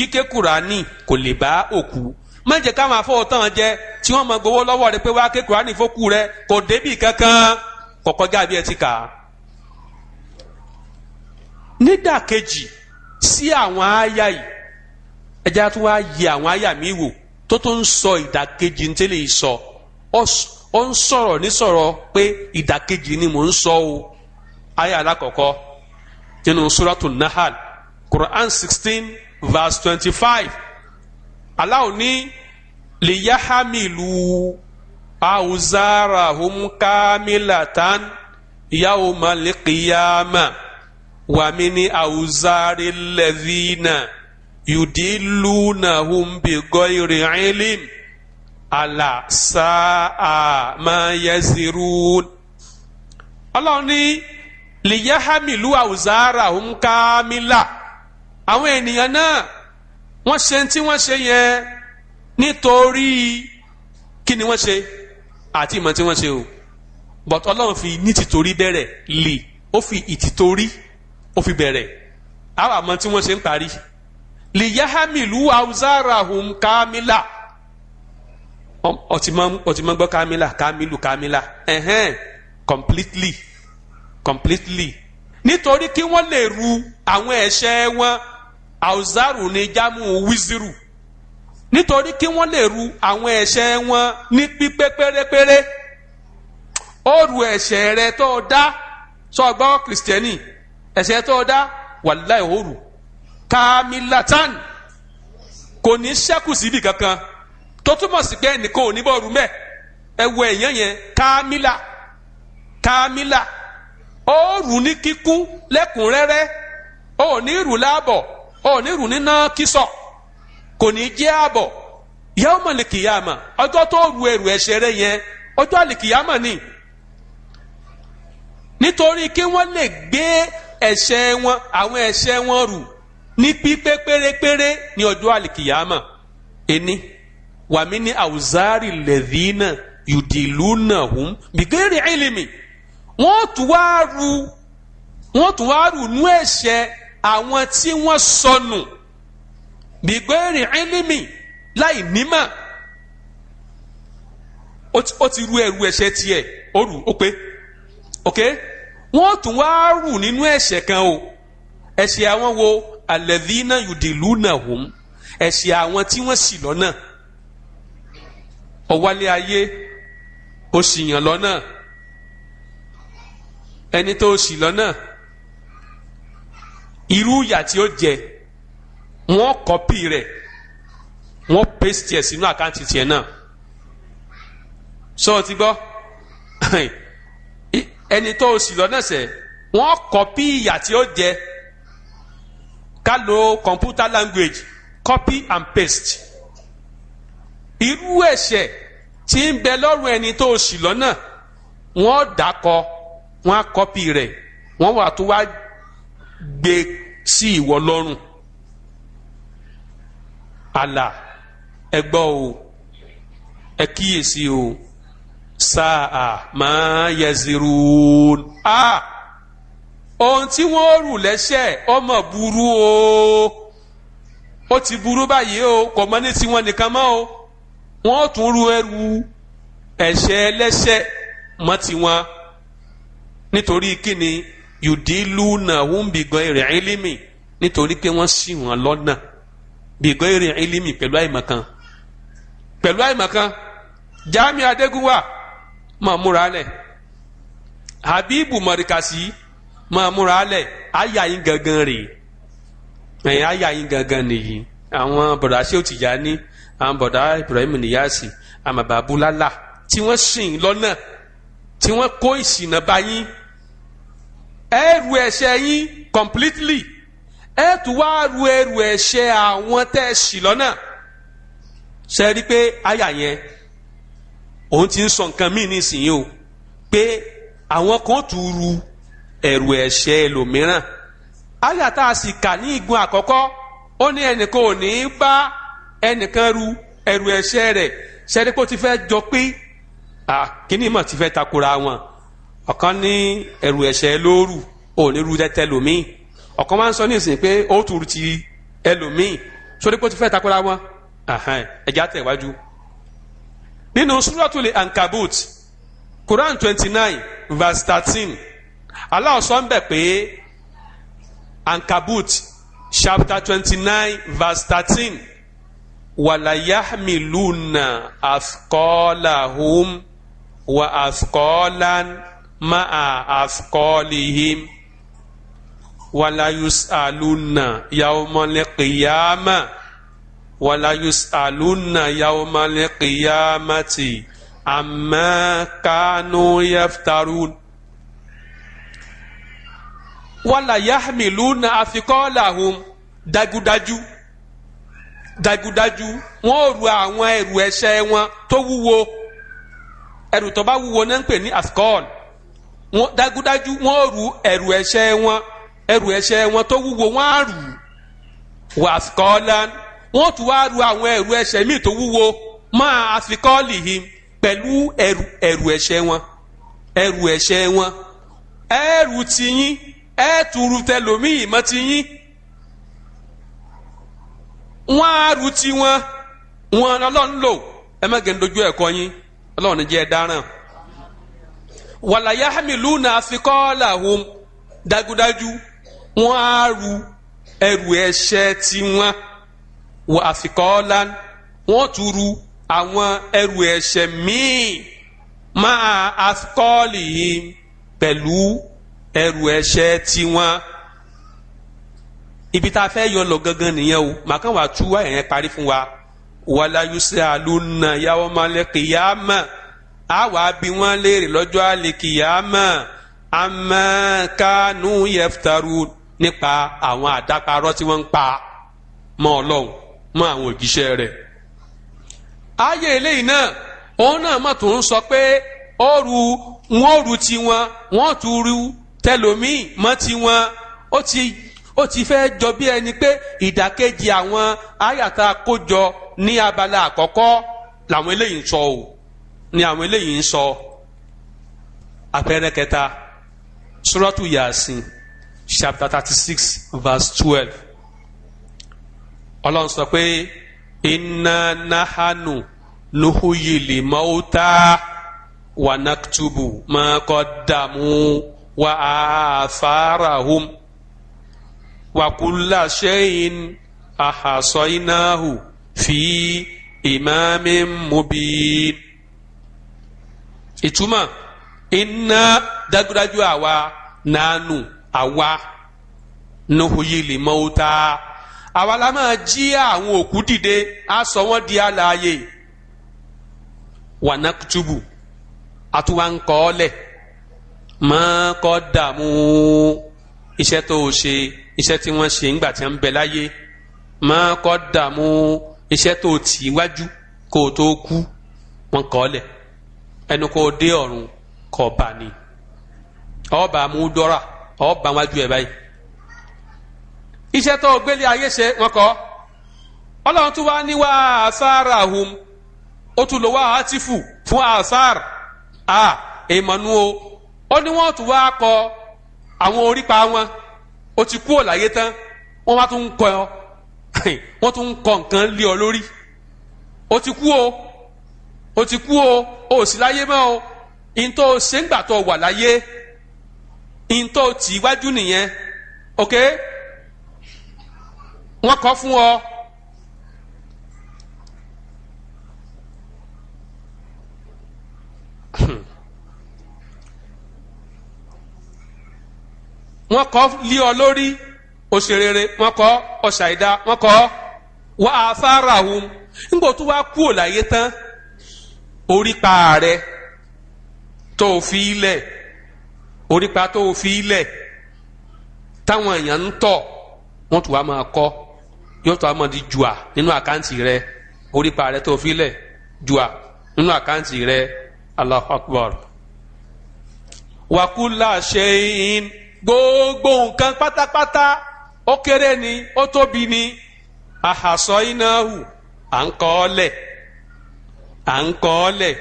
kíké kùránì kò lè bá òkú má káwọn afọwọ́tàn jẹ tí wọ́n mọ gbowó lọ́wọ́ rẹ pé wá kùránì fókù rẹ kò débì kankan kọ̀kọ́já bí ẹ ti kà á. nídàkejì sí àwọn àyà yìí ẹja tó wá yẹ àwọn àyà mi wò tó tó ń sọ ìdàkejì ń tẹ́lẹ̀ sọ ó ni mò ń sọ o àyà alákọ̀ọ́kọ́ nínú nahal quran sixteen verse twenty five Allah ní liyahamilu awzarahum kamilatan yawma liqiyama wa mini awzari ladhina yudilunahum bigoyri ilim ala sa'a ma yazirun Allah ní liyahamilu awzarahum kamila àwọn ènìyàn náà wọ́n ṣe ń tí wọ́n ṣe yẹn nítorí kí ni wọ́n ṣe àti ìmọ̀ tí wọ́n ṣe o but ọlọ́run fi ní tìtorí bẹ̀rẹ̀ lè ó fi ìtìtorí ó fi bẹ̀rẹ̀ àwọn àmọ́ tí wọ́n ṣe ń parí liyahamilu awzarahum kamila ọtí mọ́ gbọ́ kamila kamilu kamila ẹ̀hẹ́n completely completely nítorí kí wọ́n lè ru àwọn ẹ̀ṣẹ̀ wọn auzaru ni jamu wiziru nítorí kí wọ́n lè ru àwọn ẹ̀ṣẹ̀ wọn ní pípé pérépéré ó ru ẹ̀ṣẹ̀ rẹ tó o dá sọ gbọ́ kìrìsìtẹ́nì ẹ̀ṣẹ̀ tó o dá wàláì ó rù kamilatan kò ní ṣẹ́kù síbi kankan tó túmọ̀ sí pé ẹnìkan ò ní bọ́ rú mẹ́ ẹ yẹn kamila kamila ó rù ní kíkún lẹ́kùnrẹ́rẹ́ ó ní rù láàbọ̀ ò ní rù níná kísọ̀ kò ní jẹ́ àbọ̀ ìyá ọmọ lè kìyàmà ọjọ́ tó ru ẹrù ẹ̀ṣẹ̀ rẹ yẹn ọjọ́ àlè kìyàmà ni nítorí kí wọ́n lè gbé ẹ̀ṣẹ̀ wọn àwọn ẹ̀ṣẹ̀ wọn rù ní pípé pérépéré ní ọjọ́ àlè kìyàmà ẹni wàmí ní àwùzárì lẹ́dínà yùdìlúnà hùm bìgẹ́rì ẹ̀lẹ́mì wọ́n tún wá rù wọ́n tún wá rù nú ẹ̀ṣẹ̀ àwọn tí wọ́n sọnù bìgbẹ́rì ẹ́nìmì láì nímọ̀ ó ti ru ẹrù ẹ̀ṣẹ̀ tiẹ̀ ó rù ó pé ok wọ́n tún wá rù nínú ẹ̀ṣẹ̀ kan o ẹ̀ṣẹ̀ àwọn wo alẹ́dínà yùdìlúnà hùm ẹ̀ṣẹ̀ àwọn tí wọ́n ṣì lọ́nà ọ̀wálé ayé ó ṣìyàn lọ́nà ẹni tó ṣì lọ́nà irú ìyà tí ó jẹ wọ́n kọ́pì rẹ̀ wọ́n paste ẹ̀ sínú àkáǹtì tiẹ̀ náà sọ ti gbọ́ ẹni tó o sì lọ́nà sẹ̀ wọ́n kọ́pì ìyà tí ó jẹ ká lo computer language copy and paste irú ẹ̀ṣẹ̀ tí ń bẹ lọ́rùn ẹni tó o sì lọ́nà wọ́n dàkọ wọ́n á kọ́pì rẹ̀ wà tó wá gbé sí ìwọ lọ́rùn àlà ẹgbọ́ o ẹ kíyèsí o sáà máa yẹ zero a ohun tí wọ́n rù lẹ́sẹ̀ ọmọ burú o ó ti burú báyìí o kò mọ ní tiwọn nìkan mọ́ o wọ́n tún ru ẹrù ẹ̀ṣẹ̀ ẹlẹ́ṣẹ̀ mọ́ tiwọn nítorí kíni yòdìlú náà wọ́n bí gan èrè ẹlẹ́mì nítorí pé wọ́n ṣì wọ́n lọ́nà bí gan èrè ẹlẹ́mì pẹ̀lú àìmọ̀kan pẹ̀lú àìmọ̀kan jami adégúnwà máa múra lẹ̀ habibu marikasi máa múra lẹ̀ àyà yín gangan rèé ẹ̀yìn àyà yín gangan nìyí àwọn bọ̀dà Ṣéhù Tìjání àwọn bọ̀dà Ibrahim Niyasi àmàbà abúlálà tí wọ́n ṣì ń tí wọ́n kó ìṣìnà báyìí ẹ ru yín completely ẹ tún wá ru ẹrù ẹ̀ṣẹ̀ àwọn tẹ́ ẹ ṣì lọ́nà ṣe rí i pé àyà yẹn òun ti ń sọ nǹkan míì nísìnyí o pé àwọn kan tún ru ẹrù ẹ̀ṣẹ̀ ẹlòmíràn àyà tá a sì kà ní igun àkọ́kọ́ ó ní ẹnìkan ò ní í bá ẹnìkan ru ẹrù ẹ̀ṣẹ̀ rẹ̀ ṣe rí pé ó ti fẹ́ jọ pé kíní mọ̀ ti fẹ́ takora wọn ọ̀kan ní ẹrù ẹ̀ṣẹ̀ lóòrù onírú tẹ́tẹ́ lòmíì ọ̀kan máa ń sọ ní ìsìn pé ó tù ti ẹlòmíì sórí pé ó ti fẹ́ takora wọn ẹ̀já tẹ̀ wájú. nínú súrọ́tùlẹ̀ ankabut Quran twenty nine verse thirteen Allah sọ ń bẹ̀ pé ankabut chapter twenty nine verse thirteen wàlàyàmìlúnà àfikọ́làhùn wà àfikọ́làn ma'a afkolihim walayus aluna yawmale qiyama walayus aluna yawmale qiyamati amma kanu yaftarun wala yahmiluna afikolahum dagudaju dagudaju wọn ò ru àwọn ẹrù ẹ̀ṣẹ̀ wọn tó wúwo ẹrù tó bá wúwo náà ń pè ní afkol. dájúdájú wọ́n rù ẹrù ẹ̀ṣẹ̀ wọn ẹrù ẹ̀ṣẹ̀ wọn tó wúwo wọn á rù wàsíkọ́lá wọ́n tún wá rù àwọn ẹrù ẹ̀ṣẹ̀ míì tó wúwo máa àsìkọ́ọ̀lì yìí pẹ̀lú ẹrù ẹrù ẹ̀ṣẹ̀ wọn ẹrù ẹ̀ṣẹ̀ wọn ẹrù tiyín ẹ̀ẹ́tùrù tẹlòmíì mọ́ tiyín wọn á rù tiwọn wọn ọlọ́run lò ẹ má gẹ̀ ń dojú ẹ̀kọ́ yín ọlọ́run jẹ́ ẹ dáràn. wàlà yahamilu na afikọ́ọ́là hom dájúdájú wọ́n á ru ẹrù ẹ̀ṣẹ̀ tiwọn wà afikọ́ọ́lá wọ́n tún ru àwọn ẹrù ẹ̀ṣẹ̀ míì máa afikọ́ọ́lì yìí pẹ̀lú ẹrù ẹ̀ṣẹ̀ tiwọn ibi tá a fẹ́ yọ lọ gangan nìyẹn o màkàn wà tú wáyà parí fún wa wàlà yusra lónà yàwọ́ malẹ̀ kìyàmà a wàá bi wọ́n léèrè lọ́jọ́ àlèkìyàmà amákanú yẹfutaru nípa àwọn àdáparọ́ tí wọ́n ń pa mọ́ ọlọ́run mọ́ àwọn òjíṣẹ́ rẹ̀. ayé eléyìí náà òun náà mọ̀ tó ń sọ pé ó ru wọ́n ru tiwọn wọ́n tún ru tẹlòmíì mọ́ tiwọn ó ti ó ti fẹ́ jọ bí ẹni pé ìdàkejì àwọn àyàtà kójọ ní abala àkọ́kọ́ làwọn eléyìí sọ o ni àwọn eléyìí ń sọ àpẹẹrẹ kẹta suratu yasin chapter thirty six verse twelve ọlọ́run sọ pé inna nahanu nuhuyili mauta wa naktubu ma qaddamu wa afarahum wa kulla shay'in ahasoinahu fi imamin mubin ìtumọ̀ iná dájúdájú àwa nàánú àwa nuhuyili mọ́ta àwa la máa jí àwọn òkú dìde á sọ wọ́n di alààyè wanakutubu àtúwánkọ́ọ́lẹ̀ máa kọ́ dààmú iṣẹ́ tó o ṣe iṣẹ́ tí wọ́n ṣe ńgbà tí wọ́n bẹ láyé máa kọ́ dààmú iṣẹ́ tó o tì í wájú kó o tó kú wọ́n kọ́ ẹnu kò dé ọ̀run kò bá ni ọba mú dọ́ra ọba wájú ẹ̀ báyìí iṣẹ́ tó gbélé ayé ṣe wọn kọ́ ọlọ́run tún wá ní wá àṣàrà hum ó tún lọ wá àtìfù fún àṣàrà a èèmọ̀nù o ó ní wọ́n tún wá kọ àwọn orípa wọn ó ti kú òláyé tán wọ́n wá tún kọ wọ́n tún kọ nǹkan lé ọ lórí ó ti kú o o ti kú o o sì láyé mọ́ o ìntọ́ o ṣe ń gbà tó wà láyé ìntọ́ o tì iwájú nìyẹn ok wọ́n kọ́ fún ọ. wọ́n kọ́ lé ọ lórí òṣèrere wọ́n kọ́ ọ̀ṣàìdá wọ́n kọ́ wọ́n àfárahùn ńgbò tó wá kú ò láyé tán. orípa rẹ tó fi ilẹ̀ orípa tó fi ilẹ̀ táwọn èèyàn ń tọ̀ wọ́n tún wá máa kọ́ yóò tún wá máa nínú àkáǹtì rẹ orípa rẹ tó fi ilẹ̀ jùà gbogbo nǹkan pátápátá ó ni ó ni àhàsọ ináhù à ń kọ́ ọ à ń kọ́ ọ lẹ̀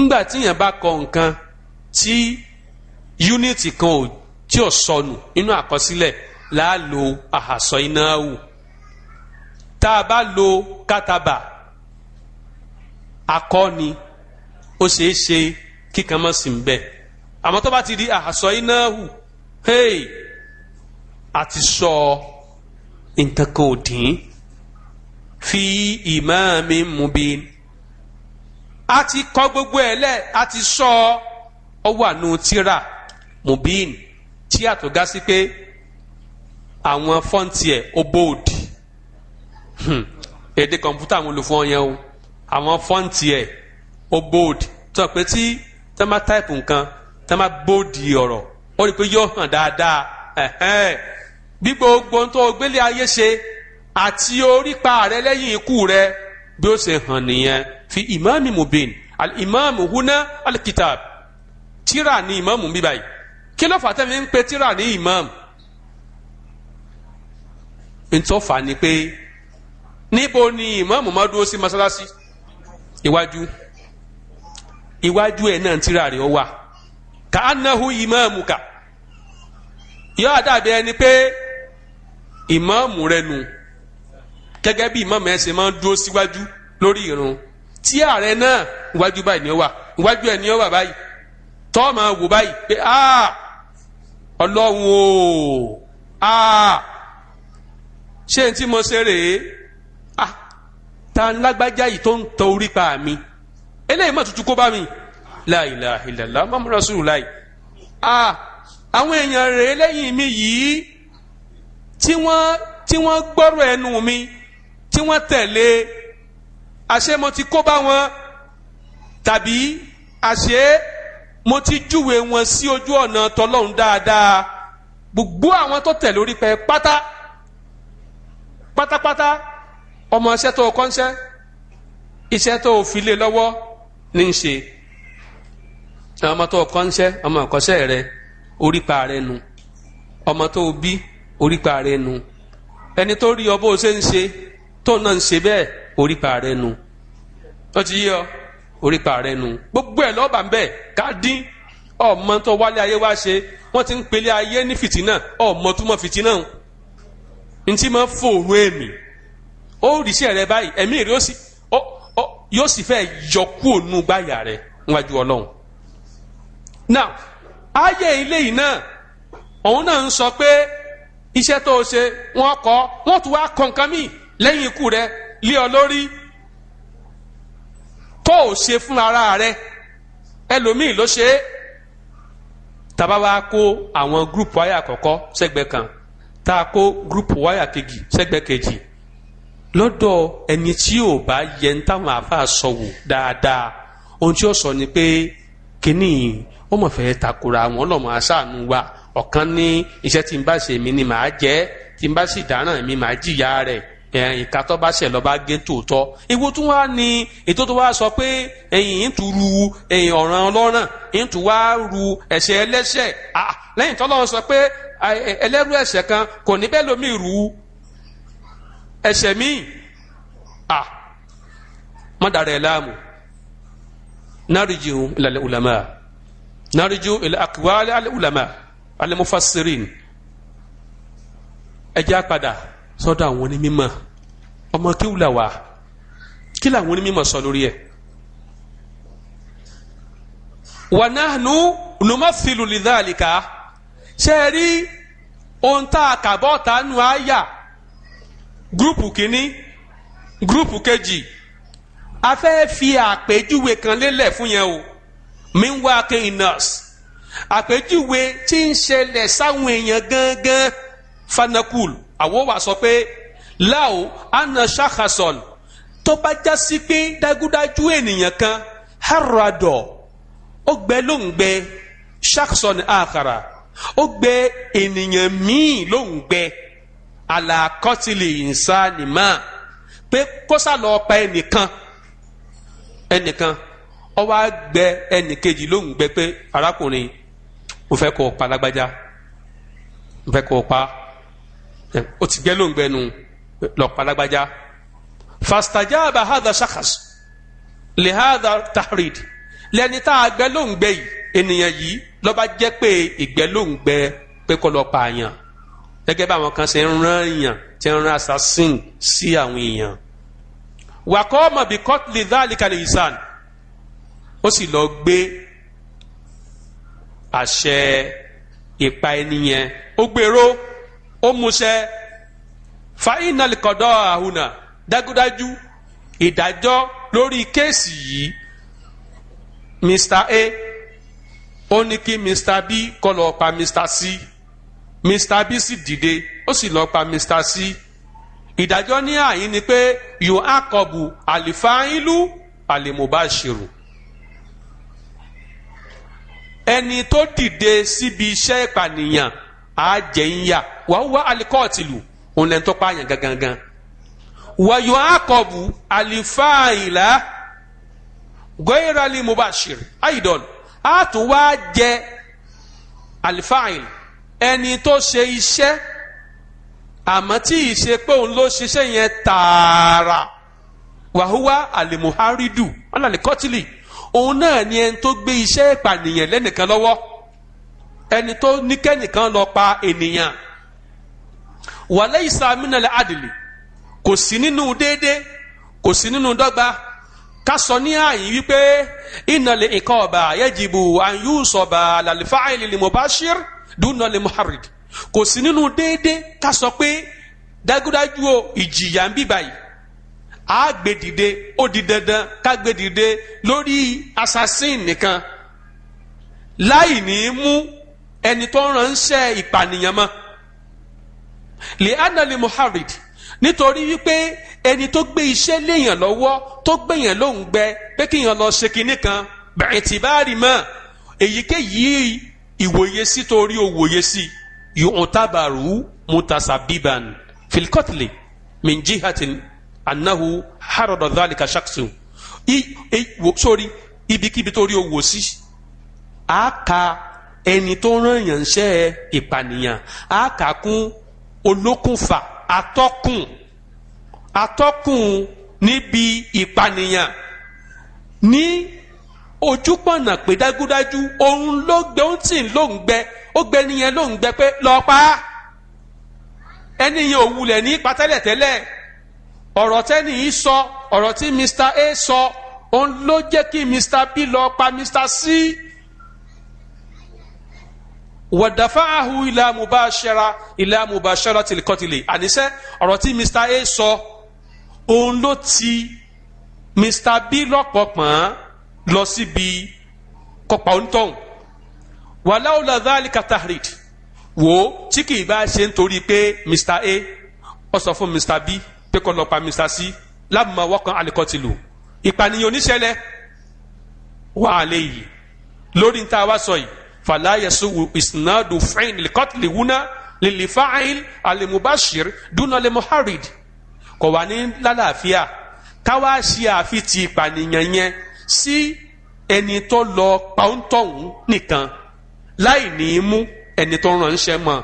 ńgbà tí yẹn bá kọ nǹkan tí yúnítì kan ò tí ò sọnù nínú àkọsílẹ̀ láàlò àhàsọ iná wù tá a bá lo kátàbà akọni ó ṣeé ṣe kíkan mọ́ sí ń bẹ̀ tó bá ti di àhàsọ iná wù hey àti sọ nǹkan kan ò dín fi ìmáàmì mubin a ti kọ gbogbo ẹ̀ lẹ̀ a ti sọ ọ wà nù tíra mubin tí a tó ga sí pé àwọn fọ́ǹtì ẹ̀ ó bóòdì hmm. èdè kọ̀ǹpútà mo lò fún ọ yẹn o àwọn fọ́ǹtì ẹ̀ ó bóòdì tó pé tí tẹ́ máa táìpù nǹkan tẹ́ máa bóòdì ọ̀rọ̀ ó rí i pé yóò hàn dáadáa bí gbogbo ohun tó gbélé ayé ṣe àti orípa rẹ lẹ́yìn ikú rẹ bí ó ṣe hàn nìyẹn fi ìmáàmì mubin al-imaamu huna al-kitab tíra ni ìmáàmù ń bí báyìí kí ló fà tẹ́mi ń pe tíra ní ìmáàmù ntọ́fà ni pé níbo ni ìmáàmù máa dúró sí masalasi iwájú iwájú ẹ̀ náà tíra rẹ̀ ó wà ká anahu ìmáàmù kà yóò dàbí ẹni pé ìmáàmù rẹ nù gẹ́gẹ́ bí ìmáàmù ẹ̀ ṣe máa ń dúró síwájú lórí ìrun tí ààrẹ náà iwájú báyìí ni ó wà iwájú ẹ̀ ni ó wà báyìí tọ́ máa wò báyìí pé a ọlọ́run o a ṣé n tí mo ṣe rèé a ta lágbájá yìí tó ń tọ orí pa mi eléyìí má tutù kó bá mi la ilaha illallah muhammadu rasulullah a àwọn èèyàn rèé lẹ́yìn mi yìí tí wọ́n tí wọ́n gbọ́rọ̀ ẹnu mi tí wọ́n tẹ̀lé àṣé mo ti kó bá wọn tàbí àṣé mo ti júwe wọn sí ojú ọ̀nà tọlọ́run dáadáa gbogbo àwọn tó tẹ̀ lórí pẹ́ pátá pátápátá ọmọ iṣẹ́ tó kọ́ńṣẹ́ iṣẹ́ tó fi lé lọ́wọ́ ní í ṣe ọmọ tó kọ́ńṣẹ́ ọmọ ìkọ́ṣẹ́ rẹ orípa rẹ nu ọmọ tó bí orípa rẹ nu ẹni tó rí ọ bó ṣe ń ṣe tó náà ń ṣe bẹ́ẹ̀ orípa rẹ nu ó ti yí ọ orípa rẹ nu gbogbo ẹ̀ lọ́ọ̀bà ń bẹ̀ ká dín ọmọ tó wálé ayé wá ṣe wọ́n ti ń pelé ayé ní fìtínà ọmọ tó mọ fìtínà ń tí máa fòrò èmi ó rí sí ẹ̀rẹ́ báyìí ẹ̀mí rẹ yóò sì fẹ́ yọ kúrò nù gbáyà rẹ níwájú ọlọ́run now ayé ilé yìí náà òun náà ń sọ pé iṣẹ́ tó o ṣe wọ́n kọ́ wọ́n tún wá kọ̀ǹkan míì lẹ́yìn ikú rẹ lé ọ lórí tó o ṣe fún ara rẹ ẹlòmíì ló ṣe é tàbá wa kó àwọn gúrùpù wáyà àkọ́kọ́ sẹ́gbẹ́ kan tá a kó gúrùpù wáyà kejì sẹ́gbẹ́ kejì lọ́dọ̀ ẹni tí ò bá yẹ ń táwọn àáfàá sọ wò dáadáa ohun tí ó sọ ni pé kínní ó mọ̀ fẹ́ takora àwọn ọlọ́mọ aṣáánú wa ọ̀kan ní iṣẹ́ tí n bá ṣe mí ni màá jẹ́ tí n bá sì dáràn mi màá jìyà rẹ̀ ìka tó bá ṣẹ̀ lọ́ba gé tòótọ́ ewu wá ní ètò tó wá sọ pé ẹ̀yìn ń ru ẹ̀yìn ọ̀ràn ọlọ́ràn ń wá ru ẹ̀ṣẹ̀ ẹlẹ́ṣẹ̀ lẹ́yìn tọ́lọ́ sọ pé ẹlẹ́rú ẹ̀ṣẹ̀ kan kò ní bẹ́ẹ̀ lómi rú ẹ̀ṣẹ̀ míì mọ́dàrẹ́ nariju ulama nariju ulama padà. sọ́dọ̀ àwọn onímọ̀ ọmọ kéwù là wà kí làwọn onímọ̀ sọ lórí ẹ̀. wa nahnu numathilu lidhalika ṣe é rí ohun tá a kà bọ́ọ̀tà nù áyà gúrùpù kínní gúrùpù kejì a fẹ́ fi àpèjúwe kan lélẹ̀ fún yẹn o minwa kenyans àpèjúwe tí ń ṣẹlẹ̀ sáwọn èèyàn gangan fanakul àwọn wa sọ pé láwo ana ṣahasan tó bá já sí pé dágúdájú ènìyàn kan haradọ ó gbẹ ló ń gbẹ ṣahasan àkàrà ó gbẹ ènìyàn míì ló ń gbẹ àlàkọ́tìlì ìsánimá pé kóṣà lọ pa ẹnìkan ẹnìkan ó wá gbẹ ẹnìkejì ló ń gbẹ pé arákùnrin mo fẹ́ kó pa lágbájá mo fẹ́ kó pa ó ti gbẹ́ lóńgbẹ́nu lọ́pàlágbájá fastajaba hadha shakhas li hadha tahrid lẹ́ni tá a gbẹ́ lóńgbẹ́ yìí ènìyàn yìí lọ́ba jẹ́ pé ìgbẹ́ lóńgbẹ́ pé kọ́ lọ́ọ́ pààyàn gẹ́gẹ́ bí àwọn kan ṣe ń rán èèyàn tí ń rán assassin sí àwọn èèyàn wàkọ́ ọmọ bíi kọ́tìlì dáàlìkalẹ̀ ìsàn ó sì lọ gbé àṣẹ ìpa ẹni yẹn ó gbèrò ó musẹ fainal kọdọ àhùnà dájúdájú ìdájọ́ lórí kéèsì yìí mr a ó ní kí mr b kó lọ pa mr c mr b sì dìde ó sì lọ pa mr c ìdájọ́ ní àyín ni pé yóò àkọbù àlìfáìlú àlìmùbáṣirù ẹni tó dìde síbi iṣẹ́ ìpànìyàn á jẹ ń yà wà á wá alikọ́ọ̀tì lù òun lẹ́nu tó pààyàn gangan wàyò àkọ́bù àlìfáàyìlá gọ́ìrálì mubashir aidan á tún wá jẹ àlìfáàyìl ẹni tó ṣe iṣẹ́ àmọ́ tí ì ṣe pé òun ló ṣiṣẹ́ yẹn tààrà wàhúwá àlìmùhárídù wọn làlẹ́ kọ́tìlì òun náà ni ẹni tó gbé iṣẹ́ ìpànìyàn lẹ́nìkan lọ́wọ́ ẹni tó ní kẹ́nìkan lọ pa ènìyàn wàlẹ́ ìsàmìnàlẹ̀ àdìlì kò sí nínú déédé kò sí nínú dọ́gba ká sọ ní àyè wípé ìnàlẹ̀ nǹkan ọ̀bà yẹ́jìbù àyùsọ̀bà àlàlífà àìlèlè mọ̀báṣír dúnàlẹ̀ muharrid kò sí nínú déédé ká sọ pé dájúdájú o ìjìyà ń bíbà yìí á gbé dìde ó di dandan ká lórí assassin nìkan láì ní í mú ẹni tó ránṣẹ́ ìpànìyàn mọ́ lè le muharid nítorí wípé ẹni tó gbé iṣẹ́ léèyàn lọ́wọ́ tó gbéyàn lóhùn gbẹ pé kéèyàn lọ ṣe kinní kan bẹ̀rẹ̀ tí bá rí mọ́ èyíkéyìí ìwòye sí torí òwòye sí yòówù tábàrú mutasabiban filikọtìlì minjihatin anahu harodo dhalika shaksu i, i, e, wo, sorry ibikíbi torí òwò sí a ka ẹni tó rán yàn ṣẹ́ ìpànìyàn á kà kún olókùnfà atọ́kùn atọ́kùn níbi ìpànìyàn ní ojúpọ̀nà pé dájúdájú òun ló gbé òun tì ló ń gbẹ ó gbẹ nìyẹn ló ń gbẹ pé lọ pa á ẹni yẹn ò wulẹ̀ ní ipa tẹ́lẹ̀tẹ́lẹ̀ ọ̀rọ̀ tẹ́ni yìí sọ ọ̀rọ̀ tí Mr A sọ òun ló jẹ́ kí Mr B lọ pa Mr C wọ̀dàfáàhù ilà mubashara ilà mubashara tìlìkọ́tìlì àníṣe ọ̀rọ̀ tí mr a sọ òun ló ti mr b lọ́pọ̀pọ̀n lọ síbi kọpa onítọ̀hún wàláwùlà dhalika tahrid wò ó tí kì í bá ṣe ń torí pé mr a ó sọ fún mr b pé kó lọ pa mr c lábùmọ̀ wọ́kàn àlìkọ́tìlù ìpànìyàn oníṣẹ́lẹ̀ wà á lè yìí lórí ní wá sọ yìí fala yasu isnadu fain likotli wuna lilifail alimubashir duna alimuharid kò wá ní lálàáfíà káwá ṣe àfi ti ìpànìyàn yẹn sí ẹni tó lọ pàǹtọ̀hún nìkan láì ní í mú ẹni tó ránṣẹ́ mọ́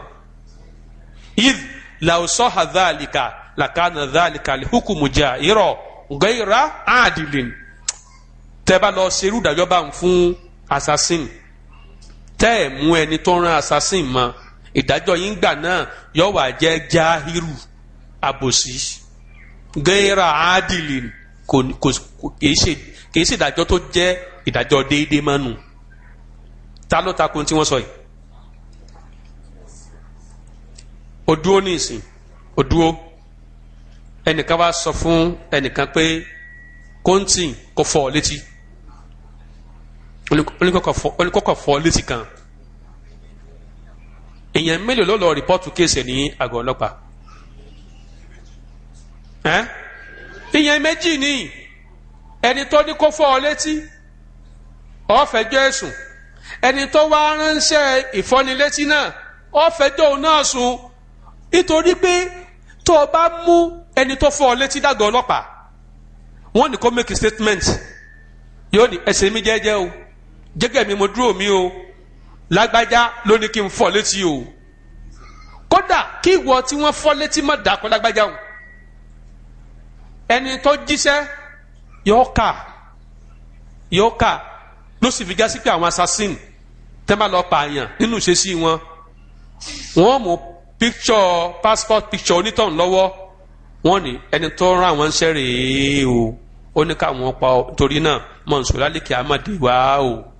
if lausọ hadhalika lakana dhalika lihukumu jairo gaira adilin tẹ́ bá lọ ṣerú ìdájọ́ bá ń fún assassin tẹ́ ẹ̀ mú ẹni tó rán assassin mọ́ ìdájọ́ yín gbà náà yóò wá jẹ́ jahiru àbòsí gẹ́ra adìlì kìí ṣe ìdájọ́ tó jẹ́ ìdájọ́ déédéé mánu ta ló takun tí wọ́n sọ yìí o dúró ní ìsìn o dúró ẹnìkan wá sọ fún ẹnìkan pé kóńtì kò fọ́ létí olùkọ́kọ́ fọ́ lẹ́sì kan èèyàn mélòó ló lọ rìpọ́tù kéèsì ní àgọ́ ọlọ́pàá èèyàn méjì ni ẹni tó ní kó fọ́ ọ létí ó fẹjọ́ ẹ̀sùn ẹni tó wá ránṣẹ́ ìfọ́nilétí náà ó fẹjọ́ òun náà sùn nítorí pé tó o bá mú ẹni tó fọ́ ọ létí dàgọ́ ọlọ́pàá wọ́n ní kó make a statement yóò ní ẹsẹ̀ mi jẹ́jẹ́ o jẹ́gẹ́ mi mo dúró mi o lágbájá ló ní kí n fọ́ létí o kódà kí ìwọ tí wọ́n fọ́ létí má dàkọ́ lágbájá o ẹni tó jíṣẹ́ yóò kà yóò kà ló sì fi já pé àwọn assassin tẹ́ bá lọ pààyàn nínú ìṣesí wọn wọ́n mú picture passport picture onítọ̀hún lọ́wọ́ wọ́n ní ẹni tó ń rán àwọn ṣẹ́ rèé o ó ní káwọn pa torí náà mọ̀ nsọ́lá lè o.